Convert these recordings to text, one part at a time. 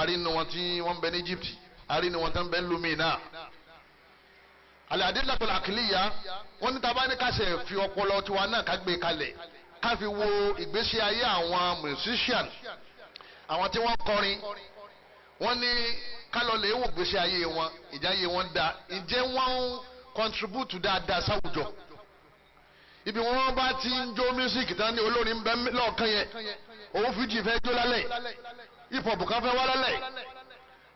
arínú wọn tí wọ́n ń bẹ ní Egypt arínú wọn tí wọ́n ń bẹ ní lumina aliadilakola akiliya wọ́n ní taba ní kásẹ̀ fi ọpọlọ tiwa náà ká gbé kalẹ̀ ká fi wo ìgbésí ayé àwọn musician àwọn tí wọ́n kọrin wọ́n ní kálọ̀ lè wò gbèsè ayé wọn ìjà ayé wọn da ìjẹ́ wọn ń contribute dáadáa sáwùjọ ibi wọn bá ti ń jó music tán ní olórin bẹ́ẹ̀ lọ́ọ̀kan yẹn òun fìjì fẹ́ jó lálẹ́ hip-hop kan fẹ́ wá lálẹ́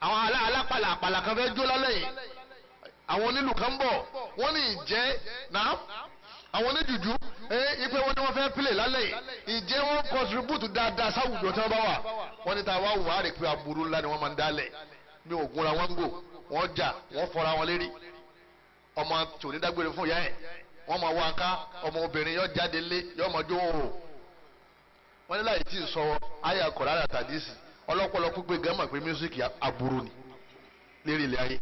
àwọn alápàlà àpàlà kan fẹ́ jó lálẹ́ yìí àwọn onílù kan bọ̀ wọ́n ní ìjẹ́ náà àwọn onídùúdú ẹ ipe wọn ni wọn fẹ́ pílè lálẹ́ yìí ìjẹ́ wọn kọsiribútù dáadáa sáwùjọ tí wọ́n bá wà wọ́n ní ta wá wà á rè pé aburú ńlá ni wọ́n máa ń dálẹ̀ mi ò gúnra wọn gò wọ́n jà wọ́n fọ́ra wọn lérí ọmọ tòní dágbére fún ìyá ẹ̀ wọ́n máa wá ká ọmọ obìnrin yọ jáde lé yọ máa jó o wọ́n ní láyé tí ì sọ ayé akọ̀rọ̀ àràtàdísì ọlọ́pọlọ pípé gẹ́mà pé mísíkì aburú ni lérí ilé ayé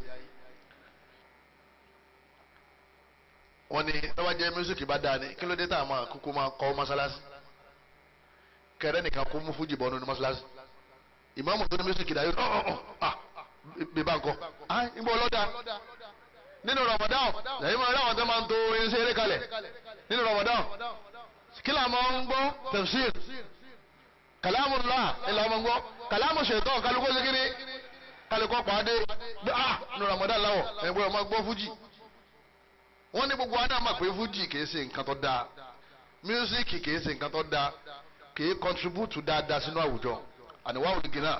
wọ́n ní tọ́wọ́ jẹ́ mísíkì bá dáa ni kí ló dé tá a máa kúkú máa kọ́ mọ́sálásí kẹrẹ́ nìkan kó mú fújì bọ́ọ̀nù ní mọ́sálásí ìmáàmù tó ní mísíkì dáa yóò ọ̀ ọ̀ ọ̀ bíbá nǹkan ah ń bọ́ ọlọ́dà nínú Ramadan lẹ́yìn máa ráwọn tó máa ń to irinṣẹ́ eré kalẹ̀ nínú Ramadan kí làwọn ń gbọ́ tafsir kàlámù ńlá ìlà ọmọ gbọ́ kàlámù ṣètò kálukó sikiri kálukó pàdé bí a ah, nù Ramadan láwọ̀ ẹ̀gbọ́n ọmọ gbọ́ fújì wọ́n ní gbogbo aná máa pé fújì kìí ṣe nǹkan tó dáa mísíkì kìí ṣe nǹkan tó dáa kìí kọ́ntribútù dáadáa sínú àwùjọ àníwá òdìgì náà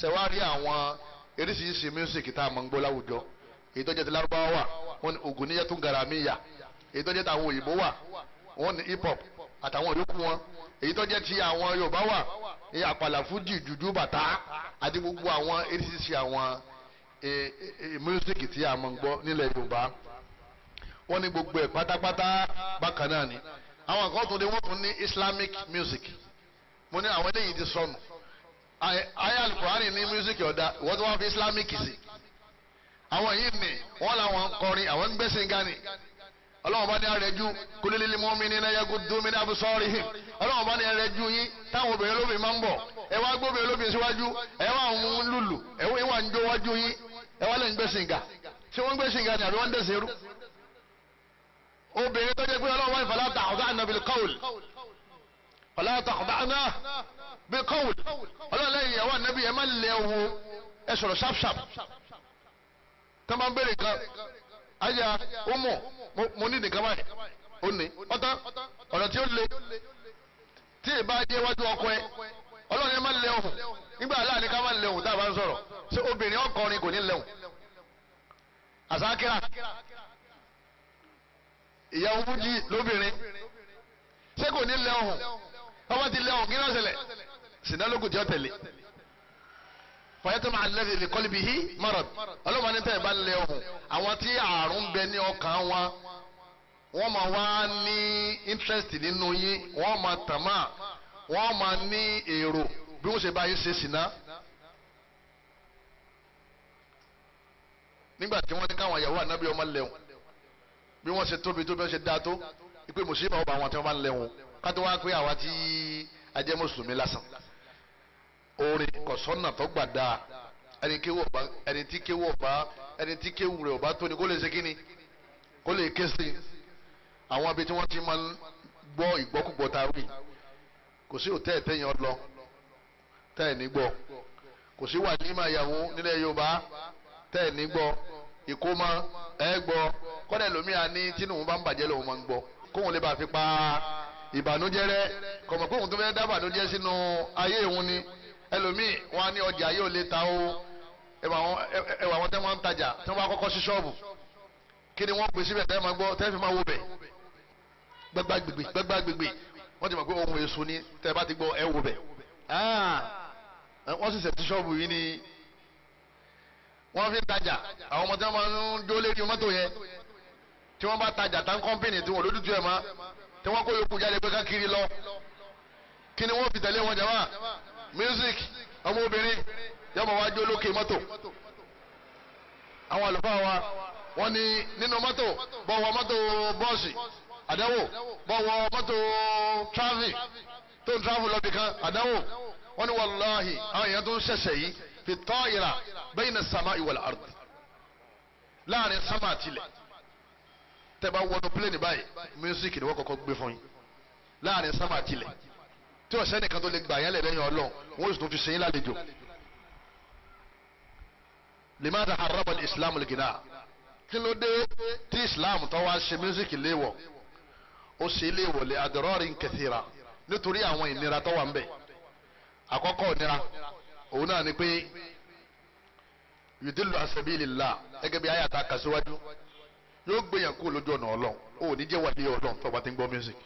ṣẹ̀wárí àwọn eríṣiríṣi mísíkì tá a máa ń gbọ́ láwùjọ èyí tó jẹ́ ti lárúbáwá wọ́n ní ògùn hip hop àtàwọn yòókù wọn èyí tó jẹ́ ti àwọn yorùbá wà ní àpàlà fújì jùjú bàtà àti gbogbo àwọn oríṣiríṣi àwọn e, e, e, mísíkì tí a máa ń gbọ́ nílẹ̀ yorùbá wọ́n ní gbogbo ẹ̀ pátápátá bákan náà ni àwọn kan tún ní wọ́n tún ní islamic music mo ní àwọn eléyìí ti sọnù ayé alukurani ní music ọ̀dà wọ́n tún wá fi islamic sí àwọn yìí ni wọ́n làwọn ń kọrin àwọn ń gbẹ́sìn gani ọlọ́run bá ní arẹjú kulil mu'minina yaguddu min absarihim ọlọ́run bá ní arẹjú yín táwọn obìnrin olóbìnrin máa ń bọ̀ ẹ wá gbóbìnrin olóbìnrin síwájú ẹ wá ń lùlù ẹ wá ń jó wájú yín ẹ wá lẹ́yìn gbèsìngà tí wọ́n gbèsìngà ni àbí wọ́n ń dẹ̀sẹ̀ rú. obìnrin tó jẹ́ pé ọlọ́run wá fala takhda'na bil qawl fala takhda'na bil qawl ọlọ́run lẹ́yìn ìyàwó ànábì ẹ má aya ụmụ mụ niile nìkan tí ó le tí ì bá jẹ́ iwájú ọkọ ẹ ọlọ́run ẹ má lẹ ọ̀hún nígbà aláàní ká má lẹ ọ̀hún tá a bá ń sọ̀rọ̀ ṣé obìnrin ọkọrin kò ní lẹ ọ̀hún ìyàwó lóbìnrin ṣé kò ní ọba ti kí náà ṣẹlẹ̀ tẹ̀lé. fọyẹ́tọ́ máa lẹ́sẹ̀ lè kọ́lé bíi mọ́rọ̀ ọlọ́mọ ní tẹ́lẹ̀ bá lẹ ọ̀hún àwọn tí àrùn bẹ ní ọkàn wọn wọ́n máa wá ní interest nínú yín wọ́n máa tàmá wọ́n máa ní èrò bí wọ́n ṣe bá yín ṣe ṣìná. nígbà tí wọ́n ní káwọn ìyàwó ànábì ọmọ lẹ́wọ̀n bí wọ́n ṣe tóbi tó bí wọ́n ṣe dáa tó ìpè mùsùlùmí àwọn tí wọ́n bá ń lẹ́wọ̀n ká tó wá pé àwa tí ajẹ́ mùsùlùmí lásán oore kọ̀sọ́nà tó gbà dáa ẹni kéwù ọba ẹni tí kéwù ọba ẹni tí kéwù rẹ ọba tó ni kó lè ṣe kíni kó lè ké sí àwọn abẹ tí wọn ti máa ń gbọ́ ìgbọ́kúgbọ́ ta wí kò sí òtẹ́ẹ̀ tẹ́yìn ọlọ tẹ́ẹ̀ ní gbọ́ kò sí wà ní màyàwó nílẹ̀ Yorùbá tẹ́ẹ̀ ní gbọ́ ìkómọ ẹ gbọ́ kọ́dà ẹlòmíà ní tínúù bá ń bàjẹ́ lòun máa ń gbọ́ kóun lè bá fi pa ìbànújẹ́ rẹ kọ̀mọ̀ kóun tó fẹ́ dá ìbànújẹ́ sínú ayé òun ni ẹlòmíì wọn á ní ọjà yóò lè ta o ẹwà àwọn tẹ́ wọ́n ń tajà tí wọ́n bá kọ́kọ́ sí ṣọ́ọ̀bù kí ni wọ́n pè síbẹ̀ tẹ́ máa gbọ́ tẹ́ fi máa wo bẹ̀ gbẹgbàgbègbè gbẹgbàgbègbè wọ́n ti mọ̀ pé ohun èso ni tẹ́ bá ti gbọ́ ẹ wo bẹ̀ ah! wọ́n sì ṣẹ̀tí ṣọ́ọ̀bù yìí ni wọ́n fi ń tajà àwọn ọmọ tí wọ́n máa ń jó lérí mọ́tò yẹn tí wọ́n bá tajà tán kọ́ńpìnì tí wọ́n lójútu ẹ̀ mọ́ tí wọ́n kó yòókù jáde pé kiri lọ kí ni wọ́n fi tẹ̀lé wọn jàmá music ọmọ obìnrin yọmọ wa jó lókè mọ́tò àwọn àlùfáà wa wọ́n ní nínú mọ́tò bọ́wọ́ mọ́tò bọ́ọ̀sì àdáwò bọ́wọ́ mọ́tò traffic tó ń traffic lọ́bì kan àdáwò wọ́n ní wàláhì àwọn èèyàn tó ń ṣẹ̀ṣẹ̀ yìí fi tayra bayna as-sama'i wal-ard láàrin sámà tilẹ̀ tẹ́ bá wọnú pílẹ̀nì báyìí mísíkì ni wọ́n kọ́kọ́ gbé fún yín láàrin sámà tilẹ̀ tí ọ̀sẹ́ nìkan tó lè gbà yẹn lẹ́yìn ọlọ́run wọ́n sì tún fi sẹ́yìn lálejò limata harabal islam gina kí ló dé tí islam tó wá ṣe mísíkì léwọ̀ ó ṣe léwọ̀ lè adọ́rọ́rin kẹsìrà nítorí àwọn ìnira tó wà ń bẹ̀ àkọ́kọ́ ìnira òun náà ni pé yùdílù asabilillah gẹ́gẹ́ bí ayàtà kàṣíwájú yóò gbéyàn kú lójú ọ̀nà ọlọ́run ó ní jẹ́ wàlíyà ọlọ́run tó bá ti ń gbọ́ mísíkì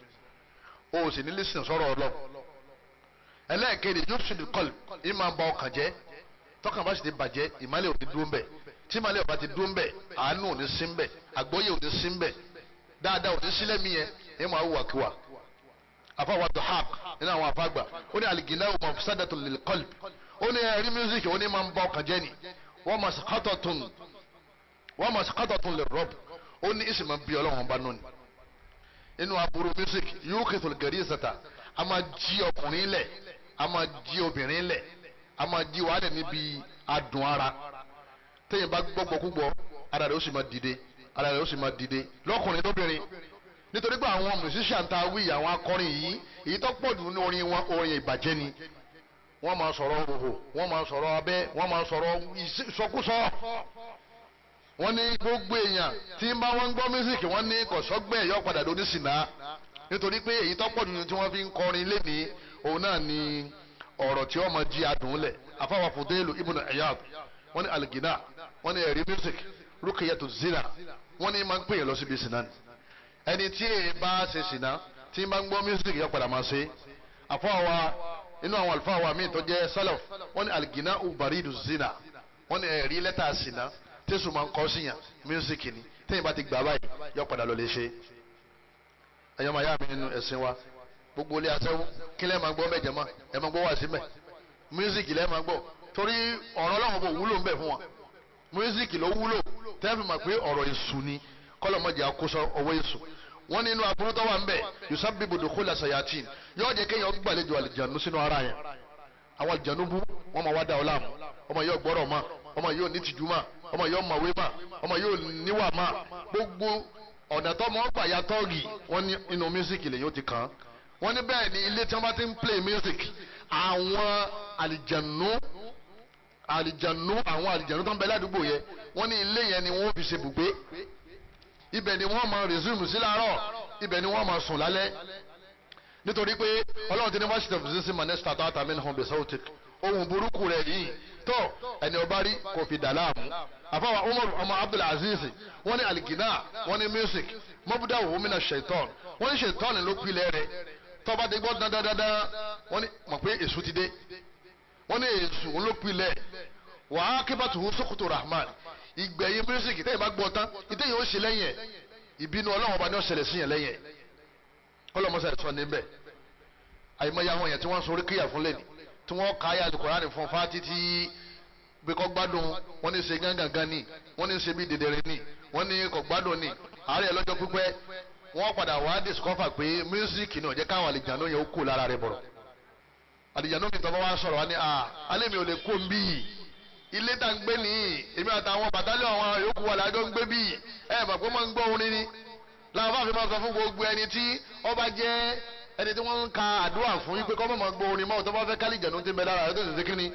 ó sì ní lísìn sọ̀rọ̀ ọlọ́run ẹlẹ́ẹ̀kejì yusuf kọlb ìmọ̀ bá ọkàn jẹ́ tọkàn bá sì ti bàjẹ́ ìmọ̀lẹ̀ ò ti dúró mbẹ̀ tí ìmọ̀lẹ̀ ò bá ti dúró mbẹ̀ àánú ò ní sí mbẹ̀ àgbọ́yé ò ní sí mbẹ̀ dáadáa ò ní sílẹ̀ mí yẹn ìmọ̀ àwùwàkiwà àfàwà dùhàk nínú àwọn àfàgbà ó ní àlìgínà ò máa sádà tó lil qalb ó ní ẹ̀rí mísíkì ó ní máa ń bá ọkàn jẹ́ ni wọ́n máa sàkátọ̀ a máa jí obìnrin lẹ̀ a máa jí wàhálẹ̀ níbi adùn ara téèyàn bá gbọ́gbọ́ púpọ̀ ara rẹ̀ ó sì máa dìde ara rẹ̀ ó sì máa dìde lọ́kùnrin lóbìnrin nítorí pé àwọn musician ta wí àwọn akọrin yìí èyí tó pọ̀ jù ní orin wọn orin ìbàjẹ́ ni wọ́n máa sọ̀rọ̀ hòhò wọ́n máa sọ̀rọ̀ abẹ́ wọ́n máa sọ̀rọ̀ ìsọkúsọ wọ́n ní gbogbo èèyàn tí ń bá wọn gbọ́ mísíkì wọ́n ní kọ̀sọ́gbẹ́ yọ padà lóní sìnà nítorí pé èyí tó pọ̀ jù tí wọ́n fi ń kọrin lénìí òun náà ni ọ̀rọ̀ tí ó máa jí adùn lẹ̀ afáwà fudelu ibùnà ẹ̀yàd wọ́n ní aligina wọ́n ní ẹ̀rí music rúkìyàtò zina wọ́n ní máa ń pè é lọ síbi sinna ẹni tí èyí bá ṣe sinna tí máa ń gbọ́ music yọ padà máa ṣe afáwà inú àwọn àlùfáà wa míì tó jẹ́ salaf wọ́n ní aligina ubaridu zina wọ́n ní ẹ̀rí lẹ́tà sinna tẹ́sù máa ń kọ́ síyàn music ni tẹ́yìn bá ti gbà báyìí yọ padà lọ lè ṣe ẹ̀yọ́ máa yá mi nínú ẹ̀sìn wa gbogbo ilé aṣẹ́wó kí lẹ́ẹ̀ máa gbọ́ bẹ́ẹ̀ jẹ́mọ́ ẹ máa gbọ́ wà síbẹ̀ mísíkì lẹ́ẹ̀ máa gbọ́ torí ọ̀rọ̀ ọlọ́run kò wúlò ń bẹ̀ fún wa mísíkì ló wúlò tẹ́ẹ̀fì mà pé ọ̀rọ̀ èṣù ni kọ́lọ́mọdé àkóso ọwọ́ èṣù wọ́n ní inú aburú tó wà ń bẹ̀ yusabibu dukhula sayatin yóò jẹ́ kéèyàn gbàlejò àlìjànú sínú ara yẹn àwọn àlìjànú bú wọ́n máa wá dá ọ láàmú ọmọ yóò gbọ́rọ̀ mọ́ ọmọ yóò ní tìjú mọ́ ọmọ yóò mọ̀wé mọ́ ọmọ yóò níwà mọ́ gbogbo ọ̀nà tó mọ́ gbà ya tọ́ọ̀gì wọ́n ní inú mísíkì lèyìn ó ti kàn án wọ́n ní bẹ́ẹ̀ ni ilé tí wọ́n bá ti ń play music àwọn àlìjànú àlìjànú àwọn àlìjànú tó ń bẹ ládùúgbò yẹn wọ́n ní ilé yẹn ni wọ́n fi ṣe bùgbé ibẹ̀ ni wọ́n máa resume sí láàárọ̀ ibẹ̀ ni wọ́n máa sùn lálẹ́ nítorí pé ọlọ́run ti ní wọ́n ṣètò fún sísìn mọ̀nẹ́sì tàtà àtàmì nìkan bẹ̀ sọ́wọ́tì ohun burúkú rẹ̀ yìí tó ẹni ọba rí kò fi dà láàmú àfọwọ́ umar ọmọ abdulaziz wọ́n ní aligina wọ́n ní music mọ́búdà wò ó mìíràn ṣètọ́n wọ́n ní ṣètọ́n ló pilẹ̀ rẹ̀ tọ́ba ti gbọ́ dandandandan wọ́n ní mọ̀ pé èṣù ti dé wọ́n ní èṣù olópinlẹ̀ wàá kébàtù sókòtò rahman ìgbẹ̀yìn mírísìkì tẹ́yìn bá gbọ́ tán ìtẹ́yìn ó ṣe lẹ́yìn ẹ̀ ìbínú ọlọ́run ọba ní ọ̀ṣẹ̀lẹ̀ síyàn lẹ́yìn ẹ̀ kọ́lọ́mọṣẹ́ sọ níbẹ̀ àyèmọ́yà àwọn èèyàn tí wọ́n ń sorí kíyà fún lẹ́nu tí wọ́n ka ayé alukurani fún fa títí bí kò gbádùn wọ́n ní ṣe gángan gan ni wọ́n ní ṣe bí dèdèrè ni wọ́n ní kò gbádùn ni àárẹ̀ lọ́jọ́ pípẹ́ wọ́n padà wá discover pé mísíkì náà jẹ́ káwọn àlìjáná yẹn ó kó lára rẹ̀ bọ̀rọ̀ àlìjáná mi tọ́wọ́ wá sọ̀rọ̀ wá ní à alẹ́ mi ò lè kó mbí ilé tá ń gbé nìyí èmi àtàwọn bàtálẹ̀ àwọn yòókù wà lájọ́ ń gbé bíi ẹ̀ bàgbọ́ máa ń gbọ́ orin ni làwọn àfi máa sọ fún gbogbo ẹni tí ọba jẹ́ ẹni tí wọ́n ń ka àdúrà fún yín pé kọ́ mọ̀mọ́ gbọ́ orin mọ́ tó bá fẹ́ kálí ti ń bẹ lára rẹ̀ tó sì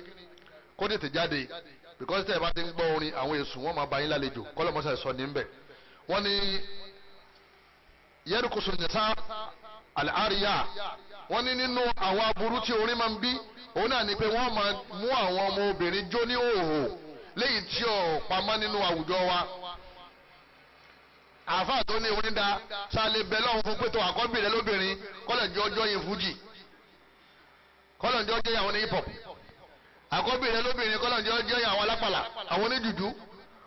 kó tètè jáde because tẹ̀ bá ti ń gbọ́ orin àwọn èsùn wọn máa bá yín lálejò kọ́lọ́mọṣẹ́ sọ ní ń bẹ̀ wọ́n ní yẹ́rìkùsùn nìsa àríyá wọ́n ní nínú àwọn aburú tí orin máa ń bí òun náà ni pé wọ́n máa mú àwọn ọmọ obìnrin jó ní òhò léyìí tí ò pamọ́ nínú àwùjọ wa àáfàá tó ní orin da sálẹ̀ bẹ́ẹ̀ lọ́hùn fún pé tó àkọ́bí rẹ lóbìnrin kọ́lọ̀jọ́ ọjọ́ yẹn fújì kọ́lọ̀jọ́ ọjọ́ yẹn àwọn ní hip hop àkọ́bí rẹ lóbìnrin kọ́lọ̀jọ́ ọjọ́ yẹn àwọn alápàlà àwọn onídùúdú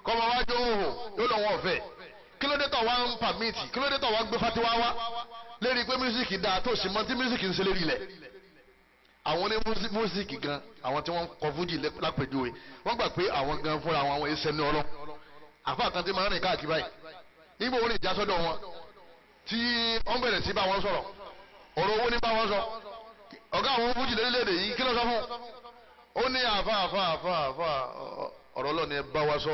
kọ́mọ wájú òhò yóò lọ́wọ́ ọ̀fẹ́ kílódé tó wá ń pàmìtì kílódé tó wá ń gbé fatiwa wá lérí pé mísíkì dáa tó sì mọ tí mísíkì ń ṣe lérí lẹ̀ àwọn ní mísíkì gan àwọn tí wọ́n kọ fújì lápèjúwe wọ́n gbà pé àwọn gan fúnra wọn àwọn ẹsẹ̀ ní ọlọ́ àfa kan ti máa ń rìn káàkiri báyìí nígbà wo ni ìjà sọ́dọ̀ wọn tí wọ́n bẹ̀rẹ̀ sí bá wọn sọ̀rọ̀ ọ̀rọ̀ owó ní bá wọn sọ ọ̀gá àwọn fújì lórílẹ̀‐èdè yìí kí ló sọ fún ó ní àfa àfa àfa àfa ọ̀rọ̀ ọlọ́ni ẹ bá wa sọ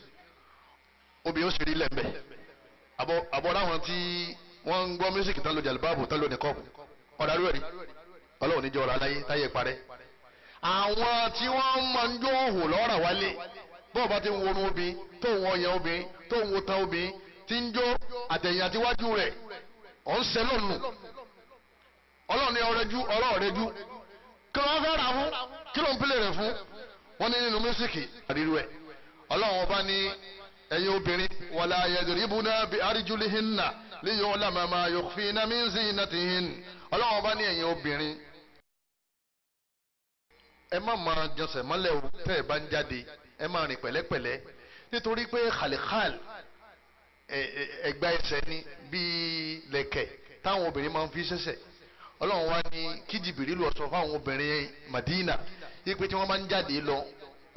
obìnrin ó sì rí lẹ́m̀bẹ̀ àbọ̀ láwọn tí wọ́n ń gbọ́ mísíkì tán ló jàlùbáàbò tán ló ní kọ́ọ̀bù ọ̀dàrú ẹ̀rí ọlọ́run níjọ́ ọ̀rọ̀ aláyé táyé parẹ́. àwọn tí wọ́n máa ń jó òhùn lọ́ọ̀rà wálé bọ́ọ̀ bá ti ń wọnú obìnrin tó ń wọ yẹn obìnrin tó ń wo tan obìnrin tí ń jó àtẹ̀yìn àtiwájú rẹ̀ ọ̀ ń sẹ́ lọ́nu ọlọ́run ní ọrẹ́jú ọlọ́ọ̀rẹ́jú ẹ̀yin obìnrin wàlá yadribuna bi arjulihinna liyu'lama ma yukhfina min zinatihin ọlọ́wọ́n bá ní ẹ̀yin obìnrin ẹ má máa jọsẹ̀ mọ́lẹ̀ o tẹ́ ẹ bá ń jáde ẹ má rìn pẹ̀lẹ́pẹ̀lẹ́ nítorí pé khalikhal ẹ̀gbà ẹsẹ̀ ni bíi lẹ̀kẹ̀ táwọn obìnrin máa ń fi ṣẹ̀ṣẹ̀ ọlọ́run wá ní kí jìbìrìlù ó sọ fáwọn obìnrin Madina yí pé tí wọ́n máa ń jáde lọ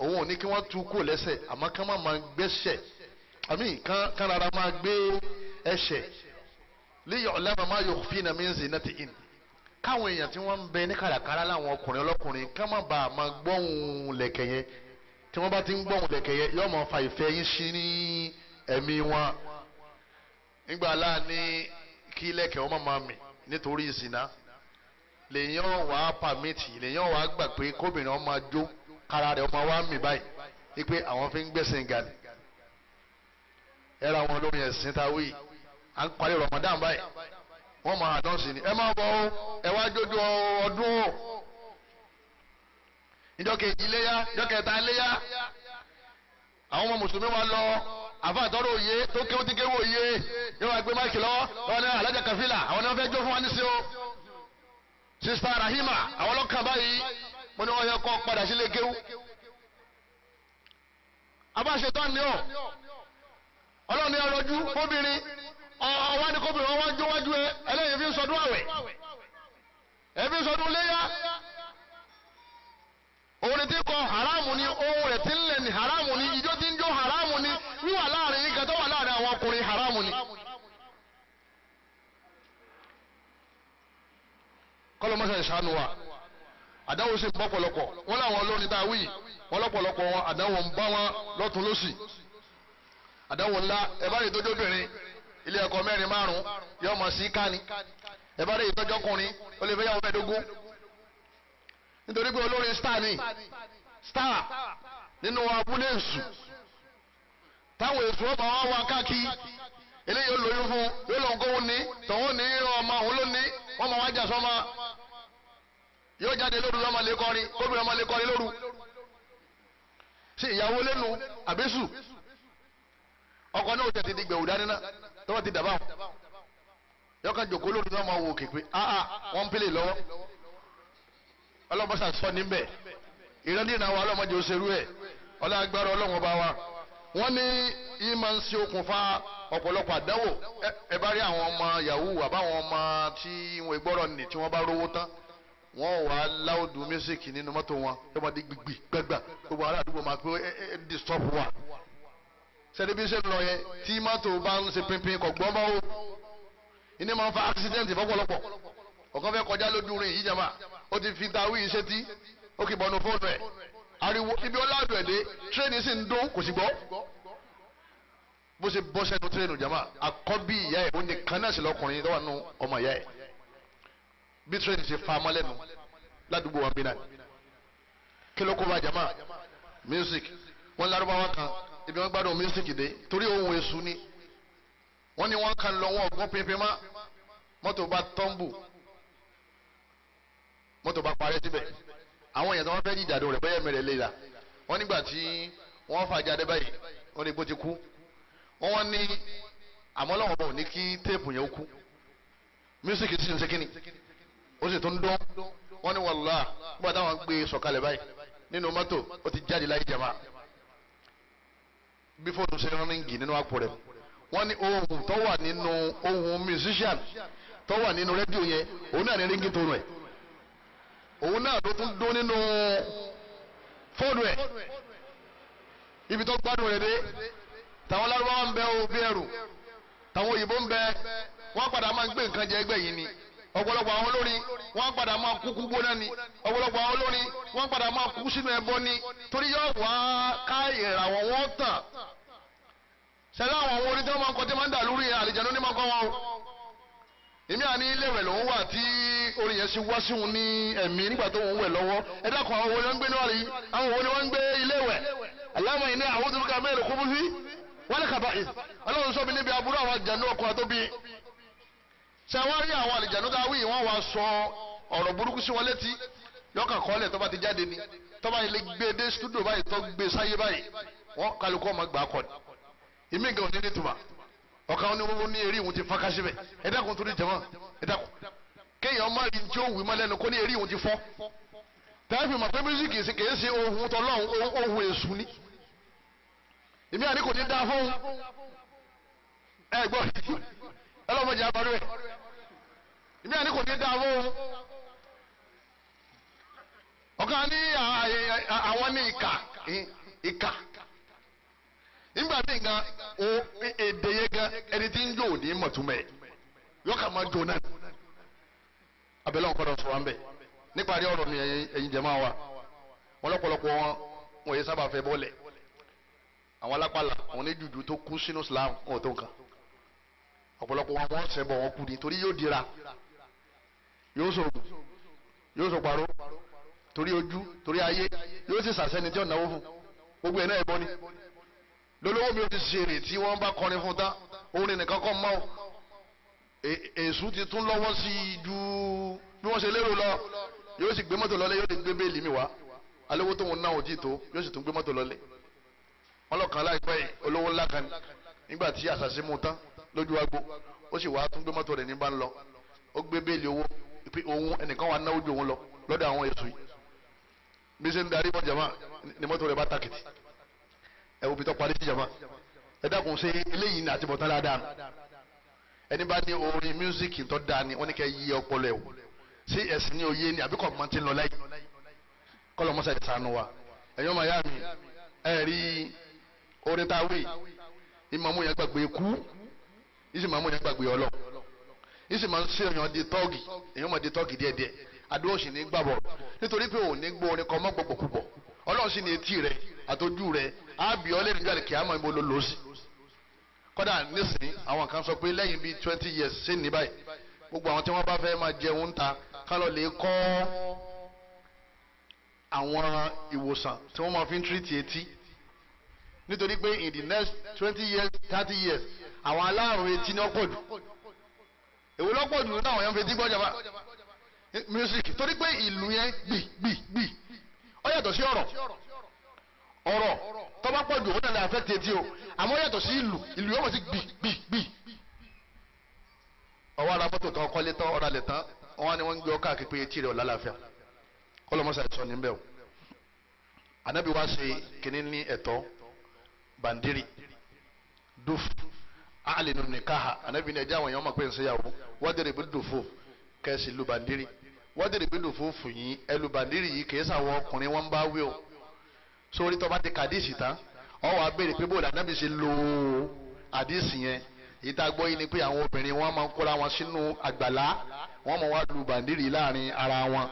òun ò ní kí wọ́n tú kó lẹ́sẹ̀ àmọ́ kí wọ́n máa gbẹ́sẹ̀ àmì kan kan rárá máa gbé ẹ̀ṣẹ̀ léyìn ọ̀làmà máa yọ fínà mí ń zè náà ti in káwọn èèyàn tí wọ́n ń bẹ ní kàràkàrà láwọn ọkùnrin ọlọ́kùnrin ká má bàa máa gbọ́hùn lẹ̀kẹ̀ yẹn tí wọ́n bá ti ń gbọ́hùn lẹ̀kẹ̀ yẹn yóò máa fa ìfẹ́ yín sí ní ẹ̀mí wọn nígbà láàánú kí lẹ̀kẹ̀ wọn máa mì nítorí ìsìná lèyìn ọ̀wá pàmìtì lèyìn ọ̀wá gbà pé kóbìnrin ọmọ ajó kára rẹ̀ ọmọ wa mì báyìí wípé àwọn fi ń gbẹ̀sìn gàlẹ̀ ẹ̀rọ àwọn olórin ẹ̀sìn táwí à ń parí Ramadan báyìí wọ́n máa dán sí ni ẹ máa bọ̀ ọ́ ẹ wá jójú ọdún o ìjọ kejì léyà ìjọ kẹta léyà àwọn ọmọ mùsùlùmí wa lọ àfa àtọ́rọ̀ òye tó kéwú ti kéwú òye yóò wá gbé máìkì lọ lọ́wọ́ náà alájà kàfílà àwọn náà fẹ́ jó fún wa ní sí o sista rahima àwọn ọlọ́kàn báyìí mo ní wọ́n yẹ kọ́ padà sílé kéwú abáṣetán ni ọ́ ọlọ́run ní ọrọ̀jú fóbìnrin ọwọ́ ní kóbìnrin wọn wájú wájú ẹ ẹlẹ́yìn fi ń sọdún àwẹ̀ ẹbí ń sọdún léyà òun ni tí kọ haramu ni ohun rẹ̀ tí ń lẹ̀ ní haramu ni ìjó tí ń jó haramu ni wíwà láàrin yín kan tó wà láàrin àwọn ọkùnrin haramu ni. kọ́lọ́ mọ́sá ìṣàánú wa àdáwò sì ń bọ́ pọ̀lọpọ̀ wọ́n láwọn olórin tá a wí wọ́n lọ́pọ̀lọpọ̀ wọn àdáwò ń bá wọn lọ́tún lọ́sì àdáwò ńlá ẹ̀bárẹ̀ ìtọ́jú obìnrin ilé ẹ̀kọ́ mẹ́rin márùn-ún yóò mọ̀ sí kání ẹ̀bárẹ̀ ìtọ́jú ọkùnrin ó lè fẹ́ yàwó mẹ́ẹ̀ẹ́dógún nítorí pé olórin star ni star nínú abúlé èṣù táwọn èṣù ọba wa wá káàkiri eléyìí ó lóyún fún yóò lọ kó ní tọ̀hún ní ọmọ òun ló ní wọ́n máa wá jà sọ́mọ yóò jáde lóru lọ́mọ kọrin kóbìnrin ọmọ kọrin lóru ṣe ìyàwó lẹ́nu àbẹ́sù ọkọ náà tẹ̀sí ti gbẹ̀wò dání náà tọ́wọ́ ti dàbà yọkàn jòkó lórí náà máa wo kékeré aa ah, ah, wọ́n ń pèlè lọ́wọ́ ọlọ́mọṣà sọ níbẹ̀ ìrẹ́lẹ́nà wa ọlọ́mọdé òṣèlú ẹ̀ ọlọ́gbàrá ọlọ́wọ́n bá wa wọ́n ní yìí máa ń ṣe okùnfà ọ̀pọ̀lọpọ̀ àdánwò ẹ bá rí àwọn ọmọ yahoo àbáwọn ọmọ tí wọn gbọ́rọ̀ nì tí wọ́n bá rówó tán wọ́n wà láwùdù mísíkì nínú mọ́tò wọn ọmọdé gbìgbì gbẹ́gbà gbogbo ará àdúgbò máa pé ẹ ẹ disturb wa sẹ́ni bí ṣe ń lọ yẹn tí mọ́tò bá ń ṣe pinpin kọ̀ gbọ́n báwo ìní máa ń fa accident fọ́pọ̀lọpọ̀ ọ̀kan fẹ́ kọjá lójú rìn yìí jama ó ti fi tawí iṣẹ́ tí ó kì bọ́nu fóònù ẹ̀ ariwo ibi ọ̀làdùn ẹ̀dẹ́ tírẹ́ẹ̀nì sì ń dún kò sì gbọ́ bó ṣe bọ́ sẹ́nu tírẹ́ẹ̀nì jama àkọ́bí ìyá ẹ̀ ó ní kaná sí lọkùnrin tó wà nù ọmọ ìyá ẹ̀ bí tírẹ́ẹ̀nì ṣe fa amálẹ́nu ládùúgbò wa bínà kí ló kó bá jama music wọn lárúbáwá kan ibi wọn gbádùn music dé torí ohun èṣù ni wọn ni wọn kan lọ wọn ọgbọn pinpin má mọ́tò bá tọ́ǹbù mọ́tò bá parẹ́ síbẹ̀ àwọn èèyàn tí wọ́n fẹ́ jìjàdó rẹ̀ bẹ́ẹ̀ mẹ́rẹ̀ léra wọ́n nígbà tí wọ́n fàjà báyìí wọ́n ní bó ti kú wọ́n wọ́n ní àmọ́ lọ́wọ́ bò ní kí téèpù yẹn kú music sì ń ṣe kíni ó sì tún dún wọ́n ní wàllá nígbà táwọn gbé e sọ̀kalẹ̀ báyìí nínú mọ́tò ó ti jáde láyé jàmáà. Before fóònù ṣe ríngì nínú àpò rẹ̀ One ní ohun tó wà nínú musician tó wà nínú rédíò yẹn òun náà ní ríngì tó rẹ̀ òun náà ló tún dún nínú fóònù ẹ̀ ibi tó gbádùn rẹ̀ dé tàwọn lárúbáwá ń bẹ o bí ẹrù tàwọn òyìnbó ń bẹ wọ́n padà máa ń gbé nǹkan jẹ àwọn olórin wọ́n padà máa kú gbóná ni ọ̀pọ̀lọpọ̀ àwọn olórin wọ́n padà máa kú sínú ẹbọ ni torí yóò wá ká ìràwọ̀ wọn tàn sẹ́lá àwọn owó orin tí wọ́n máa ń kọ́ tí máa ń dà lórí àlìjẹ̀nu ní máa wọn o èmi àní ilé ìwẹ̀ lòún wà tí orin yẹn ṣe wá sí ní ẹ̀mí nígbà tó òun wẹ̀ lọ́wọ́ ẹ àwọn owó ni wọ́n ń gbé níwájú àwọn owó ni wọ́n ń gbé ilé ìwẹ̀ aláwọ̀ yìí ní àwọn tó fi ká mẹ́rin kó fífi wọ́n lè kàbáyé ọlọ́run sọ́bi níbi aburú àwọn àlìjẹ̀nu ọkọ̀ àtóbi ṣe wọ́n rí àwọn àlìjẹ̀nu káwí wọ́n wá sọ ọ̀rọ̀ burúkú sí wọn létí lọ́kàn kọ́lẹ̀ tó bá ti jáde ni tó bá yẹ lè gbé dé studio báyìí tó gbé sáyé báyìí wọ́n kálukú ọmọ gbà á ìmí nǹkan òní nítumà ọ̀kan wọn ni wọ́n ní eré ìwọ̀n ti fọ́n kásí bẹ̀ ẹ dákun jẹ̀mọ́ ẹ dákun kéèyàn má rí tí ó wù má lẹ́nu kó ní eré ìwọ̀n ti fọ́ tẹ́lifí màpé mísíkì sì kèé ṣe ohun tọ́lọ́hún ohun èṣù ni ìmí àní kò ní dá fóun ẹ gbọ́ ẹ ẹ ìmí àní kò ní dá ní àwọn ní ìkà ìkà. nígbà míì gan o èdè yẹn gan ẹni tí ń jó ò ní mọ̀túmẹ̀ yọkà máa jó náà abẹ́lẹ́ ọ̀kọ́ dọ̀ sọ̀rọ̀ ńbẹ níparí ọ̀rọ̀ mi ẹ̀yin jẹ̀ máa wa wọn lọ́pọ̀lọpọ̀ wọn wọn yẹ sábà fẹ́ bọ́ọ̀lẹ̀ àwọn alápàlà àwọn onídùúdù tó kú sínú Islam wọn ò tó nǹkan ọ̀pọ̀lọpọ̀ wọn wọn sẹ́bọ̀ wọn kú ni torí yóò dira yóò sọ̀rọ̀ yóò sọ pàrọ̀ torí ojú torí ayé yóò sì sàṣẹ́ni tí ò náwó fún gbogbo ẹ̀ náà ẹ̀ bọ́ ni lólówó mi ò ti ṣèrè tí wọ́n bá kọrin fún tán orin nìkan kọ́ mọ́ e, èṣù ti tún lọ́wọ́ sí i ju bí wọ́n ṣe lérò lọ yóò sì gbé mọ́tò lọ́lé yóò sì gbé béèlì mi wá alówó tóun náà ò tí ì tó yóò sì tún gbé mọ́tò lọ́lé ọlọ́kan láìpẹ́ olówó ńlá kan nígbà tí àṣàṣe mú tán lójú agbo ó sì wàá tún gbé mọ́tò rẹ̀ ní bá ń lọ ó gbé béèlì owó pé òun ẹnìkan wà náwó ju òun lọ lọ́dọ̀ àwọn èṣù yìí ẹ wo bí tọ́ parí sí jama ẹ dákun ṣe eléyìí ní àtibọ̀tán ẹni bá ní orin mísíkì tó dáa ni wọ́n ní kẹ́ yí ọpọlọ sí ní mi rí orin tá a wí ìmọ̀mú yẹn gbàgbé kú ìsìmọ̀mú yẹn gbàgbé ọlọ́ ìsìmọ̀ ń ṣe èèyàn tọ́ọ̀gì èèyàn tọ́ọ̀gì díẹ̀díẹ̀ ọlọ́run sì ní etí rẹ àtọ́jú rẹ ábí ọlẹ́rìí nígbà kí á mọ̀ ibo ló lò ó sí. kọ́dà nísìnyí àwọn kan sọ pé lẹ́yìn bíi twenty years sí ní báyìí gbogbo àwọn tí wọ́n bá fẹ́ máa jẹun ta kálọ̀ lè kọ́ àwọn ìwòsàn tí wọ́n máa fi ń tírìtì etí nítorí pé in the next twenty years thirty years àwọn aláàrùn etí ní ọ̀pọ̀ jù èwo lọ́pọ̀ jù náà àwọn yẹn ń fetí gbọ́ jàmbá music torí pé ìlú yẹn gbì gbì gbì ó yàtọ̀ sí ọ̀rọ̀ ọ̀rọ̀ tó bá pọ̀ jù ó nàlẹ́ àfẹ́ tiẹ̀ tí o àmọ́ yàtọ̀ sí ìlú ìlú yóò mọ̀ sí gbì gbì gbì. ọwọ́ ara mọ́tò tán kọ́lé tán ọ̀rọ̀ alẹ̀ tán wọn ni wọ́n ń gbé ọ káàkiri pé etí rẹ̀ ọ̀ lálàáfíà kọ́lọ́mọ́sà ẹ̀sọ́ ní bẹ́ẹ̀ o anabi wa ṣe kìnní ní ẹ̀tọ́ bandiri duf alinu nikaha anabi ní ẹja àwọn èèyàn mọ̀ pé ń wọ́n dèrè bí lòfófò yín ẹlòbàndírì yìí kì í sàwọn ọkùnrin wọn bá wí o sórí tó bá ti kàdíìsì tán ọ wàá béèrè pé bóòlù ànábì ṣe lo àdíìsì yẹn ìta gbọ́ yìí ni pé àwọn obìnrin wọn máa ń kóra wọn sínú àgbàlá wọn máa wá lu bàndírì láàrin ara wọn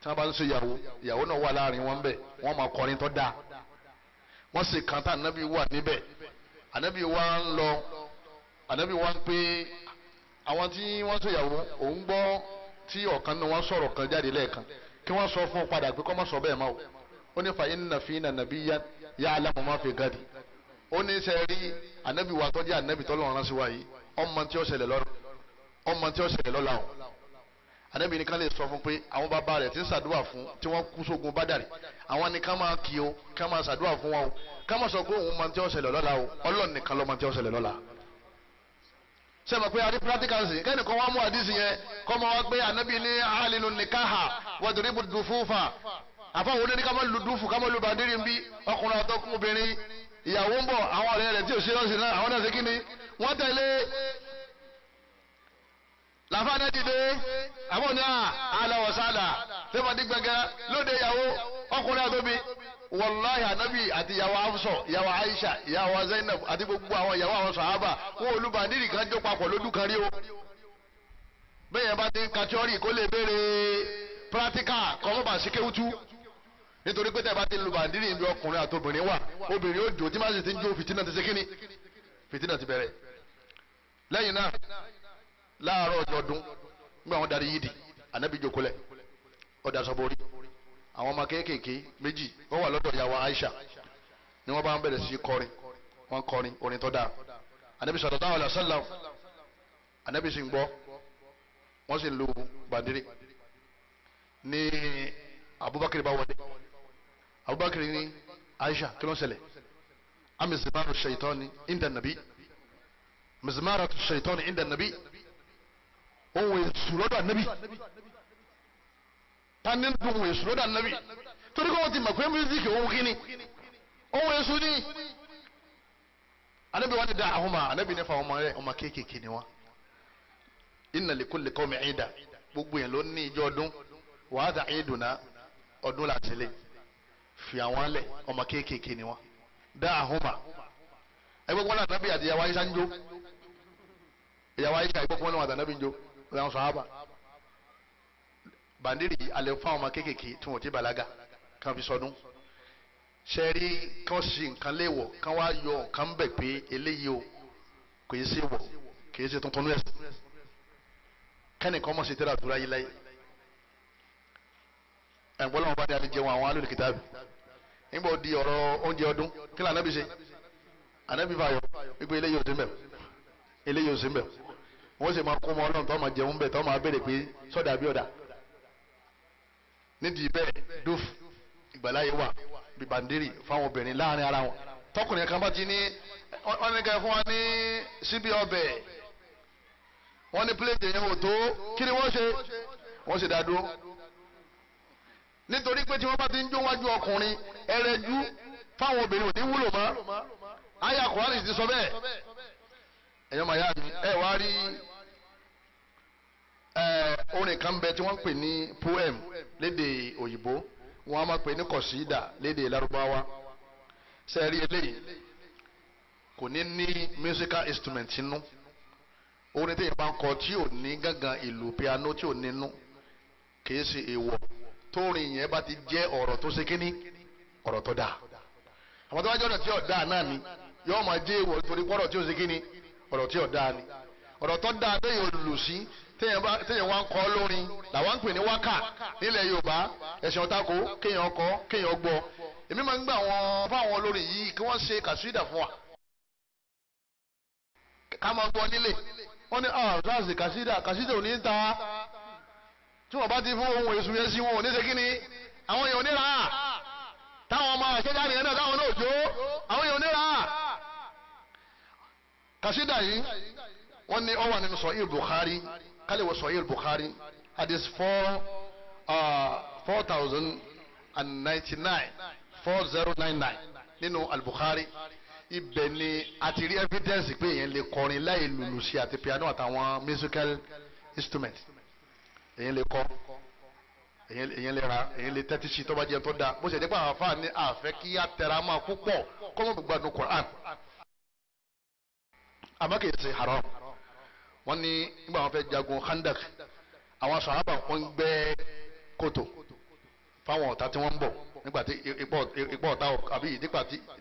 tí wọn bá ń ṣe ìyàwó ìyàwó náà wà láàrin wọn bẹ wọn máa kọrin tó dáa wọn sì kàn tá ànábì wà níbẹ̀ ànábì wa ń lọ ànábì wa ń pé àwọn tí wọn ṣe ìyàwó òun gbọ́ tí ọ̀kan náà wọ́n sọ̀rọ̀ kan jáde lẹ́ẹ̀kan kí wọ́n sọ fún un padà pé kọ́ má sọ bẹ́ẹ̀ mọ́ o ó ní fa inna fina nabiyyan ya'lamu ma fi gadi ó ní sẹ́ rí anabi wa tọ́jú anabi tọ́lọ́ ọ̀rán sí wa yìí ọmọ tí ó ṣẹlẹ̀ lọ́la ọmọ tí ó ṣẹlẹ̀ lọ́la o anabi nìkan lè sọ fún pé àwọn bàbá rẹ̀ ti ń ṣàdúrà fún tí wọ́n kú sógun Bádàrí àwọn nìkan máa kí o kí wọ́n máa ṣàdúrà fún wọn o kí wọ́n máa sọ pé òun mọ tí ó ṣẹlẹ̀ lọ́la o Ọlọ́run nìkan ló mọ tí ó ṣẹlẹ̀ lọ́la sẹ́mi pé adi practicals kẹ́ni kan wá mú àdísì yẹn kọ́ ma wá pé anabi ní alilu nikaha waduribu dufufa àfọwọ́ ní ká má lu dufu ká má lu bàdírí ń bí ọkùnrin àtọkùn obìnrin ìyàwó ń bọ̀ àwọn ọ̀rẹ́ rẹ̀ tí ò ṣe lọ́sìn náà àwọn náà ṣe kí ni wọ́n tẹ̀lé làfáàdé dìde àbọ̀ ní àlọ́ wọ̀sálà tẹ́fà dìgbẹ̀gẹ́ lóde ìyàwó ọkùnrin àtọ́bi wọláyà anabi àti yàwó afsọ yàwó aisha yàwó zainab àti gbogbo àwọn yàwó àwọn sàhábà wọn olùbà nídìí kan jó papọ̀ lójú kan rí o bẹ́ẹ̀ yẹn bá ti ń ka tíọ́rì kó lè béèrè pírátíkà kọ́mọ́bà síkéwútú nítorí pé tẹ́ bá ti lu bàndírì ìlú ọkùnrin àtobìnrin wà obìnrin ó jò tí máa sì ti ń jó fìtínà ti ṣe kíni fìtínà ti bẹ̀rẹ̀ lẹ́yìn náà láàárọ̀ ọjọ́ ọdún nígbà wọn darí yídì ànábì jókòó àwọn ọmọ kéékèèké méjì wọ́n wà lọ́dọ̀ ìyàwó Aisha ni wọ́n bá ń bẹ̀rẹ̀ sí kọrin wọ́n kọrin orin tó dáa anabi sallallahu alaihi wasallam anabi sì ń gbọ́ wọ́n sì ń lu bàndírì ní Abubakar bá wọlé Abubakar ní Aisha kí ló ń ṣẹlẹ̀ ami shaitani inda nabi shaitani inda nabi òun lọ́dọ̀ nabi ta ní dùn òun èso Nabi, nàbì torí kọ́ wọ́n ti mọ̀ pé mísíkì òun kí ni òun èso ní. anabi wa ni da ahoma anabi ne fa ọmọ rẹ ọmọ kéékèèké ni wọn inna likulli qawmi ida gbogbo yẹn ló ní ìjọ ọdún wàá da iduna ọdún láti lé fi àwọn lẹ ọmọ kéékèèké ni wọn da ahoma ẹgbẹ́ wọn àtàbí àti ìyàwó ayé sanjó ìyàwó ayé sanjó ìgbẹ́ wọn àtàbí njó ìyàwó sàhábà bàndírì alẹ́ fún àwọn ọmọ kéékèèké tí wọ́n ti bàlágà kan fi sọdún ṣe rí kan ṣe nǹkan léèwọ̀ kan wá yọ nǹkan ń bẹ̀ pé eléyìí o kò yẹ sí wọ̀ kì í ṣe tuntun ní ẹ̀sìn kẹ́nìkan mọ̀ sí tẹ́lá àdúrà yìí láyé ẹ̀gbọ́n làwọn bá ní àdìjẹun àwọn alóòlù kìtàbí nígbà di ọ̀rọ̀ oúnjẹ ọdún kí lóò anábì anábì fà yọ wípé eléyìí ò sí mbẹ̀ eléyìí ò sí mbẹ̀ wọ́n sì máa kó ọmọ ọlọ́run tó máa jẹun mbẹ̀ tó máa béèrè pé sọ́dà bí ọ̀dà nídìí bẹ́ẹ̀ dúf ìgbàláyé wà bìbàndírì fáwọn obìnrin láàrin ara wọn tọkùnrin kan bá ti ní wọn ní ká fún wa ní síbi ọbẹ̀ wọn ní pílẹ̀tì yẹn ò tó kí ni wọ́n ṣe wọ́n ṣe dádúró nítorí pé tí wọ́n bá ti ń jó wájú ọkùnrin ẹrẹ́jú fáwọn obìnrin ò ní wúlò mọ́ àyà kùránì ti sọ bẹ́ẹ̀ ẹ̀yọ́ màyà mi ẹ̀ wá rí. orin kan bẹ tí wọ́n ń pè ní poem lédè òyìnbó wọ́n a máa pè ní kọ̀sídà lédè larubawa sẹ́ẹ̀rí eléyìí kò ní ní musical instrument nínú orin tí ìyẹn bá ń kọ tí ò ní gángan ìlú piano tí ò nínú kìí ṣe èèwọ̀ tórin yẹn bá ti jẹ́ ọ̀rọ̀ tó ṣe kíní ọ̀rọ̀ tó dáa àwọn tó bá jẹ́ ọ̀rọ̀ tí ò dáa náà ni yọ́ọ́ máa jẹ́ èèwọ̀ torí pọ́rọ̀ tí ò ṣe kíní ọ̀rọ̀ tí ò ni. ọ̀rọ̀ tó dáa bẹ́ẹ̀ yóò lù sí téèyàn wá ń kọ́ lórin làwọn ń pè ní wákà nílẹ̀ yorùbá ẹ̀sìn ọ̀tako kéèyàn kọ́ kéèyàn gbọ́ èmi máa ń gbà wọn fáwọn olórin yìí kí wọ́n ṣe kàṣídà fún wa ká máa gbọ́ nílé wọ́n ní ṣáàṣì ah, kàṣídà kàṣídà ò ní ta tí wọ́n bá ti fún ohun èso yẹn sí wọn ò ní ṣe kí ni àwọn èèyàn ò táwọn ọmọ àṣẹjáde yẹn náà táwọn náà jó àwọn èèyàn ò kàṣídà yìí wọ́n ní ọwọ́ nínú sọ̀hìn Bukhari kálí wọ sọ̀hìn Bukhari hadith four uh, four thousand and ninety nine four zero nine nine nínú al-Bukhari ibẹ̀ ni a rí evidence pé èèyàn lè kọrin láì lùlù sí àti piano àtàwọn musical instrument èèyàn lè kọ èèyàn lè ra èèyàn lè tẹ́tí sí tọ́ba jẹun tó dáa bó ṣe dé pa àwọn afáàní àfẹ́ kí á tẹra máa púpọ̀ kọ́mọ́ gbàgbọ́ Quran àmọ́ kìí ṣe haram wọ́n ní nígbà wọn fẹ́ jagun handak àwọn sàhábà wọ́n ń gbẹ́ kòtò fáwọn ọ̀tá tí wọ́n ń bọ̀ nígbàtí ipa ọ̀tá àbí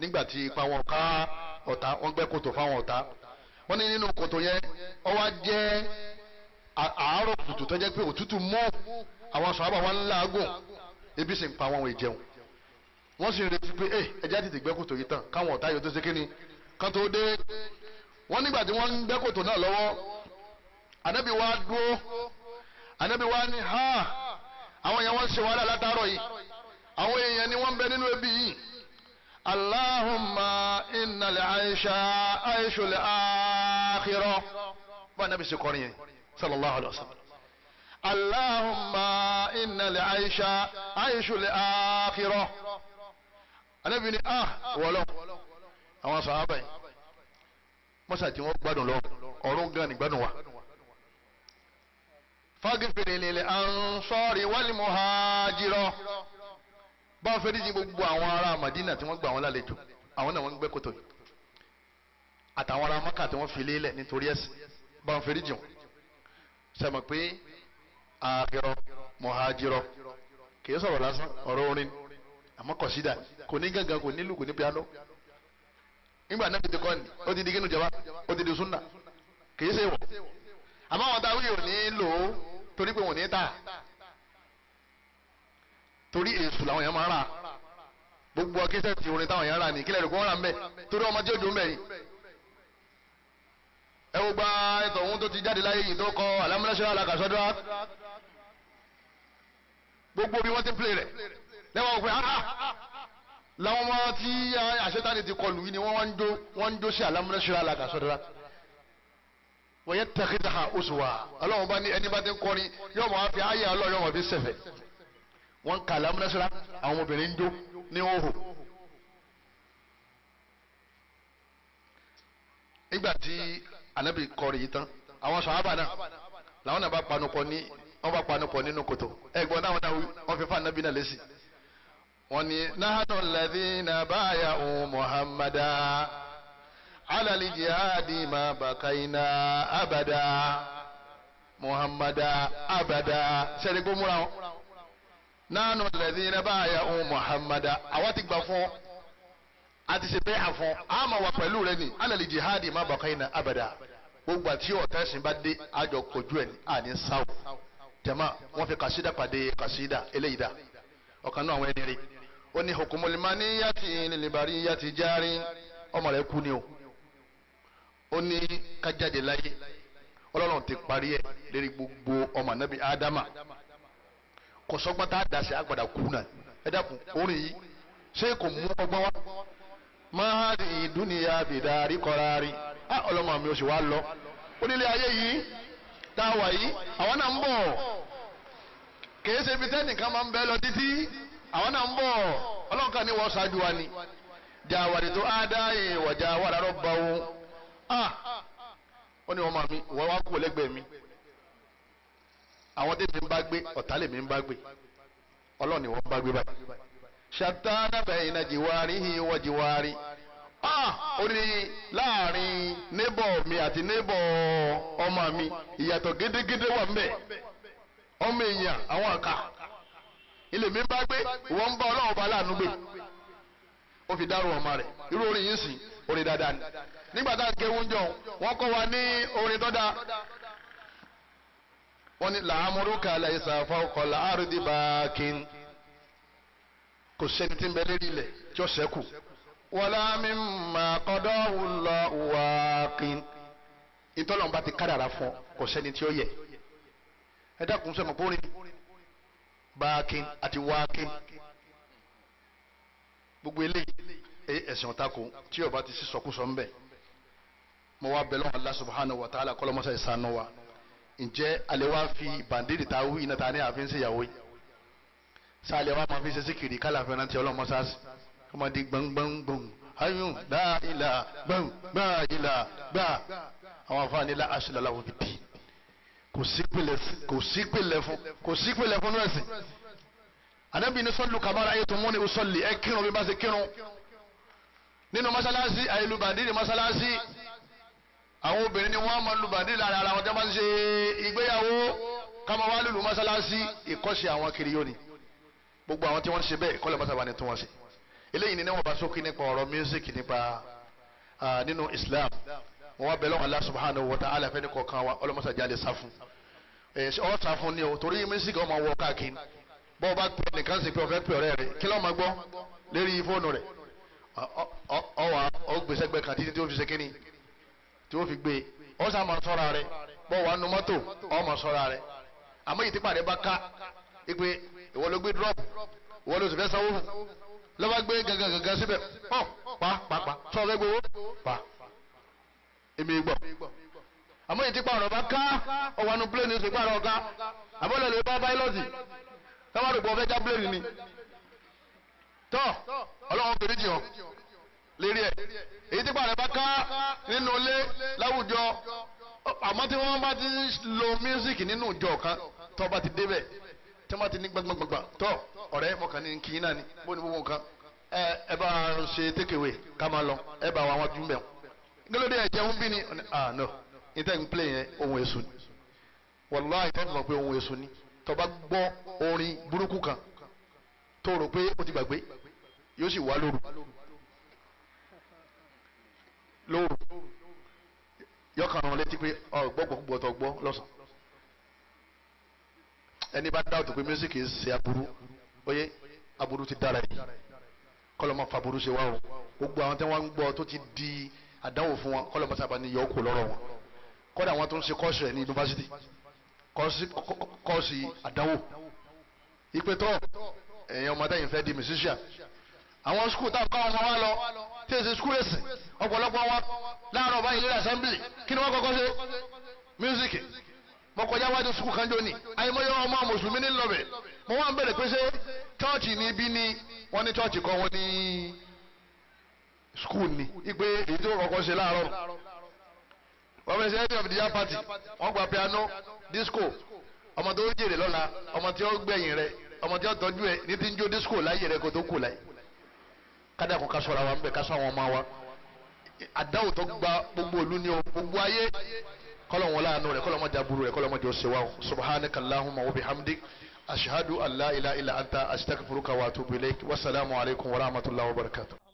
nígbàtí ipa wọn ká ọ̀tá wọ́n gbẹ́ kòtò fáwọn ọ̀tá wọ́n ní nínú kòtò yẹn ó wá jẹ́ àárọ̀ kùtù tó jẹ́ pé òtútù mú àwọn sàhábà wọn làágùn ebi sì ń pa wọn ìjẹun wọ́n sì retí pé eh, ẹ ẹja tètè gbẹ́ kòtò yìí tán káwọn ọ̀tá yóò tó ṣe kí ni kan tó dé wọ́n nígbà tí wọ́n ń náà lọ́wọ́ anabi wa dúró anabi wa ní ha àwọn èèyàn wọn ṣe wàhálà látàárọ̀ yìí àwọn èèyàn ni wọn bẹ nínú ebi yìí allahumma inna le aisha aisha le akhirọ bá anabi ṣe kọrin yẹn sallallahu alayhi wa sallam allahumma inna le aisha aisha le akhirọ anabi ni ah wọlọ àwọn sàhábà yìí mọ́sàtì wọn gbádùn lọ ọ̀run gan ni gbádùn wa fagifere lele ansori wali muhajiro bá fèrèjì gbogbo àwọn ará Madina tí wọ́n gbà wọ́n lálejò àwọn náà wọ́n ń gbẹ́ kòtò yìí àtàwọn ará Maka tí wọ́n fi lélẹ̀ nítorí ẹ̀sìn bá fèrèjì wọn sẹ́mi pé àkìrọ̀ muhajiro kì í sọ̀rọ̀ lásán ọ̀rọ̀ orin àmọ́ kọ̀sídà kò ní gángan kò ní lù kò ní piano nígbà náà ti kọ́ ni ó ti di gínú jaba ó ti di sunna kì í ṣe wọ̀ àmọ́ àwọn táwọn yóò ní lò ó torí pé wọn ò ní tà torí èsù làwọn yẹn máa rà gbogbo akíṣẹ́ ti orin táwọn yẹn rà ní kílẹ̀ rẹ̀ kó wọ́n torí ọmọ tí ó dùn bẹ̀ ni. ẹ wo gba ẹtọ̀ ohun tó ti jáde láyé yìí tó kọ alámúnáṣẹ́ alákàṣọ́dọ́ gbogbo bí wọ́n ti ń pè rẹ̀ lẹ́wọ̀n òpin làwọn ọmọ tí àṣetánì ti kọlù yìí ni wọ́n wá ń jó wọ́n ń jó sí alámúnáṣẹ́ alákàṣọ́dọ́ wọ́n yẹ tẹ̀kídà oṣùwà ọlọ́run bá ní ẹni bá ti ń kọrin yóò máa fi ayé ọlọ́run yóò máa fi sẹ̀fẹ̀ wọ́n ń kà lámúnásíra àwọn obìnrin ń jó ní òhò. nígbà tí anabi kọrin yìí tán àwọn sàhábà náà làwọn náà bá panupọ̀ ní wọ́n bá panupọ̀ nínú kòtò ẹ̀gbọ́n náà wọ́n fi fún anabi náà lẹ́sìn. wọ́n ní nahanu ladhina báyà òun muhammada. على الجهاد ما بقينا أبدا محمدا أبدا سيدي قوموا nánú lẹ́dínlẹ́ bá yà ó muhammadu àwa ti gbà fún a ti ṣe bẹ́ẹ̀ fún a wà pẹ̀lú rẹ ni alali jihadi ma bakaina abada gbogbo àti ọ̀tá ẹ̀sìn bá dé àjọ kojú ẹ̀ ní àní sáwò jama wọn fi kàṣídà pàdé kàṣídà eléyìí dá ọ̀kan náà àwọn ẹni rí ó ní hukumul maniyati lil bariyati jari ọmọ rẹ kú ni o ó ní kájáde láyé ọlọ́run ti parí ẹ̀ lérí gbogbo ọmọ ànábì ádámà kò sọ́gbọ́n tá a dà sí àgbàdà kú náà ẹ dákun orin yìí ṣé kò mú ọgbọ́n wá mahadi ìdúnìyà bìdarí kọraari á ọlọ́mọ mi ò sì wá lọ ó ayé yìí tá a wà yìí àwọn náà ń bọ̀ kìí ṣe ibi tẹ́nìkan máa ń bẹ́ lọ títí àwọn náà ń bọ̀ ọlọ́run kan ní wọ́n ṣáájú wa ni jàwàdì tó á dá ìwọ̀jà bá wọn. ah ó ní ọmọ mi wọ́n wá kú mi àwọn tèmi ń bá gbé ọ̀tá mi ń bá gbé ni wọ́n bá gbé báyìí ṣàtánà bẹ̀yìn jìwárí wọ́n jìwárí ah, ó ní láàrin mi àti nébọ̀ ọmọ mi ìyàtọ̀ gédégédé wà ń ọmọ èèyàn àwọn àkà mi bá gbé ń bá ọlọ́run láàánú gbé ó fi dárò ọmọ rẹ̀ orin dáadáa ni nígbà tá a ké oúnjẹ wọn kọ́ wa ní orin tó dáa wọn ni làámúrúkà làyísà fọkọ làárùdì bàákin kò sẹ́ni tí ń bẹ lérí ilẹ̀ tí ó ṣẹ́kù wọlá mi mà kọ́dọ̀ wùlọ wàákin ìtọ́lọ́mùbá ti kádàrà fún kò sẹ́ni tí ó yẹ ẹ dákun sọ ma pé orin bàákin àti wàákin gbogbo eléyìí ẹ̀sìn ọ̀tako tí ó bá ti sísọkúsọ ń bẹ̀ mo wá bẹ̀lọ́n Allah subhanahu wa ta'ala kọ́lọ́mọ́sá ìsànú wa ǹjẹ́ alẹ́ wá fi bàndéèdì ta wí iná ta ní àfin sí ìyàwó yìí sáàlẹ̀ wá máa fi ṣe síkìrì kálàfin rántí ọlọ́mọsáàsì ọmọdé gbọ̀ngbọ̀ngbọ̀n ayún dáìlà gbọ̀n gbàìlà gbà àwọn afáàní la aṣèlú aláwọ̀ bìbí kò sí pèlè fún kò sí pèlè fún nọ́ọ̀sì anábìíní sọ́lù kàmára nínú masalasi àìlùbàdì ní masalasi, àwọn obìnrin ni wọ́n máa lùbàdì lára ara wọn tí wọ́n bá ń ṣe ìgbéyàwó káma wá lùlù mọ́sálásí ìkọ́ṣe àwọn kiri yóni gbogbo àwọn tí wọ́n ṣe bẹ́ẹ̀ kọ́lẹ̀ mọ́sábà ni tí wọ́n ṣe eléyìí ni wọ́n bá sókè nípa ọ̀rọ̀ music nípa nínú Islam wọn wá bẹ̀rẹ̀ Allah subhanahu wa ta'ala fẹ́ni kọ̀ọ̀kan wa ọlọ́mọsàjà lè sá fún ọ̀ sá ni o torí music ọmọ wọ káàkiri bọ́ọ̀ bá pè nìkan sì pé ọ̀fẹ́ pè ọ̀rẹ́ rẹ̀ kí lọ́ọ́ ọwà ọgbẹ́sẹ̀gbẹ́ kan títí tí ó fi ṣe kínní tí ó fi gbé ọ sá máa sọ́ra rẹ bọ́ wà nù mọ́tò ọ máa sọ́ra rẹ àmọ́ yìí tipa rẹ bá ká ipe ìwọ ló gbé drop ìwọ ló sì fẹ́ sanwó fún lọ́ba gbé gangan gangan síbẹ̀ pa pa pa sọ fẹ́ gbowó pa èmi gbọ́ àmọ́ yìí tipa rẹ bá ká ọwọ́ nù plane ní ìsìnkú àrọ̀ ọ̀gá àbọ̀lẹ̀ lè bá báyìí lọ́sì táwọn àdùgbò ọ̀fẹ́ já plane ni tọ́ ọlọ́run fèrè jì ọ́ lérí ẹ̀ èyí tí pàrọ̀ bá ká nínú ilé láwùjọ àmọ́ tí wọ́n bá ti lo mísíkì nínú ìjọ kan tọ́ bá ti débẹ̀ tí wọ́n bá ti ní gbàgbàgbà tọ́ ọ̀rẹ́ mọ̀kàn ní kí náà ni bó ni gbogbo nǹkan ẹ bá ṣe tékèwé ká máa lọ ẹ bá wa wájú mẹ́wọ̀n nílòdì ẹ̀jẹ̀ ń bí ni ah no níta ń play yẹn ohun èso ni wàláhì tó ń mọ̀ pé ohun èso ni tó bá gbọ́ orin burúkú kan tó rò pé ó ti gbàgbé yóò sì wá lóru lóru yọkàn rán létí pé ọ gbọgbọgbọ tó gbọ lọsàn ẹni bá dáwọ́ tó pé music ń ṣe aburú oyè aburú ti dára yìí kọlọmọ faburú ṣe wá o gbogbo àwọn tí wọn ń gbọ́ tó ti di àdánwò fún wọn kọlọmọ sábà ní yọ kó lọ́rọ̀ wọn kódà wọn tó ń ṣe kọ́ọ̀sì rẹ̀ ní yunifásitì kọ́ọ̀sì àdánwò ìpẹ́tọ́ ẹ̀yin ọmọdé yìí fẹ́ di musician àwọn skul táwọn káwọn ọmọ wa lọ tí èsì skul èsì ọ̀pọ̀lọpọ̀ wa láàárọ̀ báyìí lórí assembly kí ni wọ́n kọ́kọ́ ṣe music mo kọjá wájú skul kan jóni àyèmọ́yọ́ ọmọ mùsùlùmí ní lọ́bẹ̀ mo wá ń bẹ̀rẹ̀ pé ṣé chọ́ọ̀chì ni ibi ni wọ́n ní chọ́ọ̀chì kan wọ́n ní skul ni ipe èyí tó kọ́kọ́ ṣe láàárọ̀ wọ́n fẹ́ ṣe head of the year party wọ́n gba piano disco ọmọ tó ń jèrè lọ́la ọmọ tí ó gbẹ̀yìn rẹ ọmọ tí ó tọ́jú ẹ ní ti ń jó disco láyé rẹ kó tó kù láyé kádà kún ká ṣọ́ra wa ń bẹ ká ṣọ́ àwọn ọmọ wa àdáwò tó gba gbogbo ìlú ni o gbogbo ayé kọ́lọ̀ wọn láàánú rẹ̀ kọ́lọ̀ wọn jaburu rẹ̀ kọ́lọ̀ wọn jọ ṣèwà o subhanaka allahumma wa bihamdik ashhadu an ilaha illa anta astaghfiruka wa atubu wasalaamu alaykum wa rahmatullahi wa barakatuh.